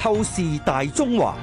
透視大中華，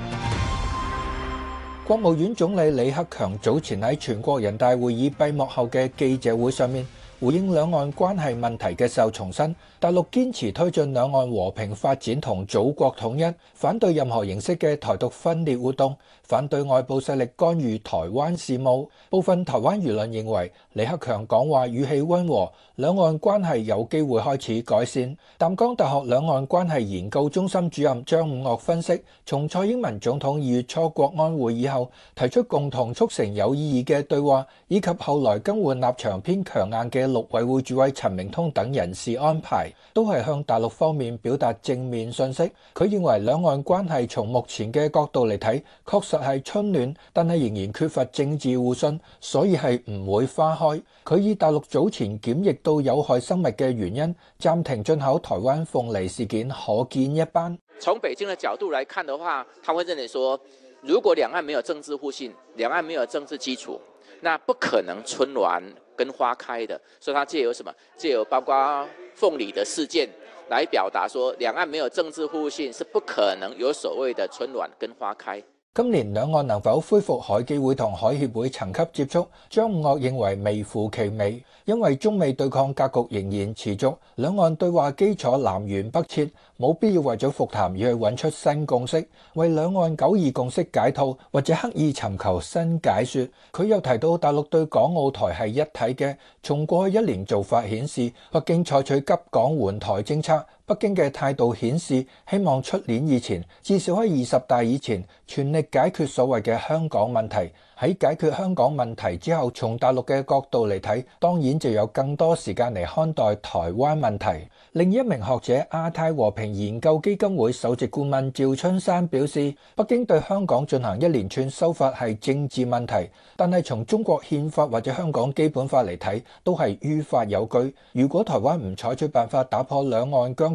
國務院總理李克強早前在全國人大會議閉幕後嘅記者會上面。回應兩岸關係問題嘅時候，重申大陸堅持推進兩岸和平發展同祖國統一，反對任何形式嘅台獨分裂活動，反對外部勢力干預台灣事務。部分台灣輿論認為，李克強講話語氣溫和，兩岸關係有機會開始改善。淡江大學兩岸關係研究中心主任張五岳分析，從蔡英文總統二月初國安會議後，提出共同促成有意義嘅對話，以及後來更換立場偏強硬嘅。陸委會主委陳明通等人士安排，都係向大陸方面表達正面信息。佢認為兩岸關係從目前嘅角度嚟睇，確實係春暖，但係仍然缺乏政治互信，所以係唔會花開。佢以大陸早前檢疫到有害生物嘅原因暫停進口台灣鳳梨事件，可見一斑。從北京嘅角度來看的話，他會認為說，如果兩岸沒有政治互信，兩岸沒有政治基礎，那不可能春暖。跟花開的，所以它借由什麼？借由包括鳳梨的事件，來表達說，兩岸沒有政治互信，是不可能有所謂的春暖跟花開。今年兩岸能否恢復海基會同海協會層級接觸？張五嶽認為微乎其微。因為中美對抗格局仍然持續，兩岸對話基礎南轅北轍，冇必要為咗復談而去揾出新共識，為兩岸九二共識解套或者刻意尋求新解說。佢又提到大陸對港澳台係一體嘅，從過去一年做法顯示，北京採取急港換台政策。北京嘅態度顯示希望出年以前，至少喺二十大以前，全力解決所謂嘅香港問題，喺解決香港問題之後，從大陸嘅角度嚟睇，當然就有更多時間嚟看待台灣問題。另一名學者亞太和平研究基金會首席顧問趙春山表示，北京對香港進行一連串修法係政治問題，但係從中國憲法或者香港基本法嚟睇，都係於法有據，如果台灣唔採取辦法打破兩岸僵，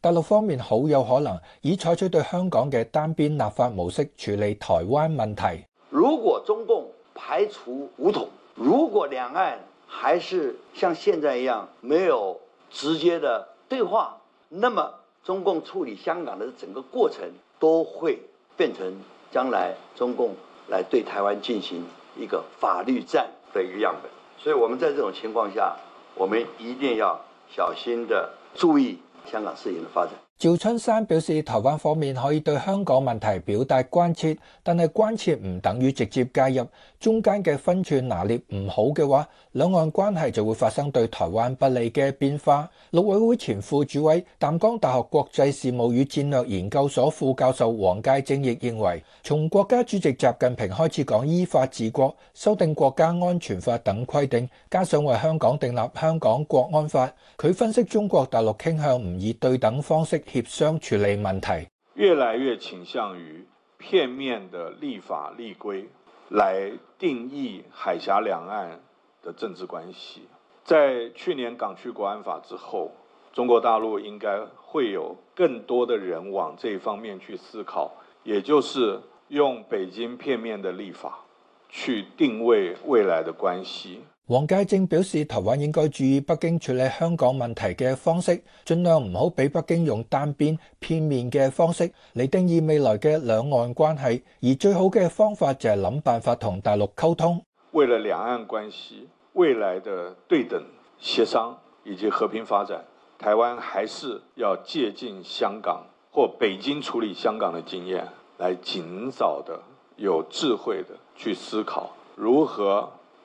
大陸方面好有可能已採取對香港嘅單邊立法模式處理台灣問題。如果中共排除武統，如果兩岸還是像現在一樣沒有直接的對話，那麼中共處理香港的整個過程都會變成將來中共來對台灣進行一個法律戰的一個樣本。所以我們在這種情況下，我們一定要小心地注意。香港事業的發展。趙春山表示，台灣方面可以對香港問題表達關切，但係關切唔等於直接介入，中間嘅分寸拿捏唔好嘅話，兩岸關係就會發生對台灣不利嘅變化。陸委會前副主委、淡江大學國際事務與戰略研究所副教授黃介正亦認為，從國家主席習近平開始講依法治國、修訂國家安全法等規定，加上為香港訂立香港國安法，佢分析中國大陸傾向唔以對等方式。協商處理問題，越來越傾向於片面的立法立規來定義海峽兩岸的政治關係。在去年港區國安法之後，中國大陸應該會有更多的人往這一方面去思考，也就是用北京片面的立法去定位未來的關係。黃介正表示，台灣應該注意北京處理香港問題嘅方式，盡量唔好俾北京用單邊、片面嘅方式嚟定義未來嘅兩岸關係。而最好嘅方法就係諗辦法同大陸溝通。為了兩岸關係未來的對等協商以及和平發展，台灣還是要借鑒香港或北京處理香港的經驗，來盡早的有智慧的去思考如何，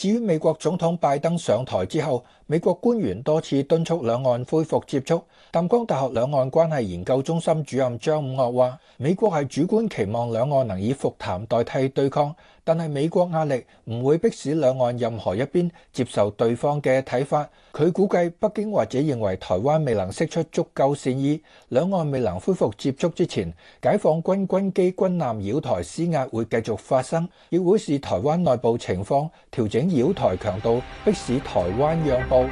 至於美國總統拜登上台之後，美國官員多次敦促兩岸恢復接觸。淡江大學兩岸關係研究中心主任張五岳話，美國係主觀期望兩岸能以復談代替對抗，但係美國壓力唔會迫使兩岸任何一邊接受對方嘅睇法。佢估計北京或者認為台灣未能釋出足夠善意，兩岸未能恢復接觸之前，解放軍軍機軍艦繞台施壓會繼續發生，亦會視台灣內部情況調整繞台強度，迫使台灣讓步。